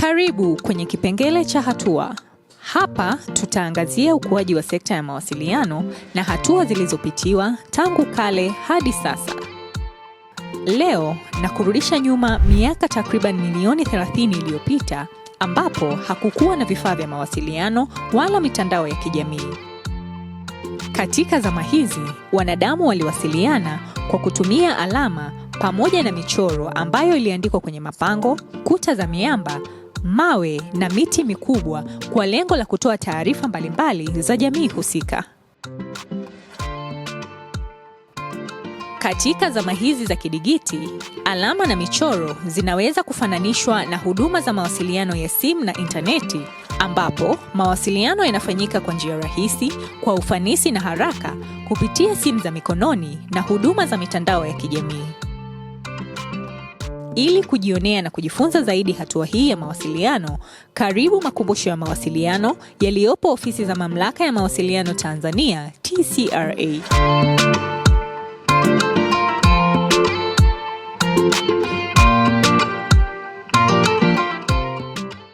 Karibu kwenye kipengele cha hatua. Hapa tutaangazia ukuaji wa sekta ya mawasiliano na hatua zilizopitiwa tangu kale hadi sasa. Leo na kurudisha nyuma miaka takriban milioni 30 iliyopita ambapo hakukuwa na vifaa vya mawasiliano wala mitandao ya kijamii. Katika zama hizi, wanadamu waliwasiliana kwa kutumia alama pamoja na michoro ambayo iliandikwa kwenye mapango, kuta za miamba mawe na miti mikubwa kwa lengo la kutoa taarifa mbalimbali za jamii husika. Katika zama hizi za kidigiti, alama na michoro zinaweza kufananishwa na huduma za mawasiliano ya simu na intaneti, ambapo mawasiliano yanafanyika kwa njia rahisi, kwa ufanisi na haraka kupitia simu za mikononi na huduma za mitandao ya kijamii. Ili kujionea na kujifunza zaidi hatua hii ya mawasiliano, karibu makumbusho ya mawasiliano yaliyopo ofisi za Mamlaka ya Mawasiliano Tanzania, TCRA.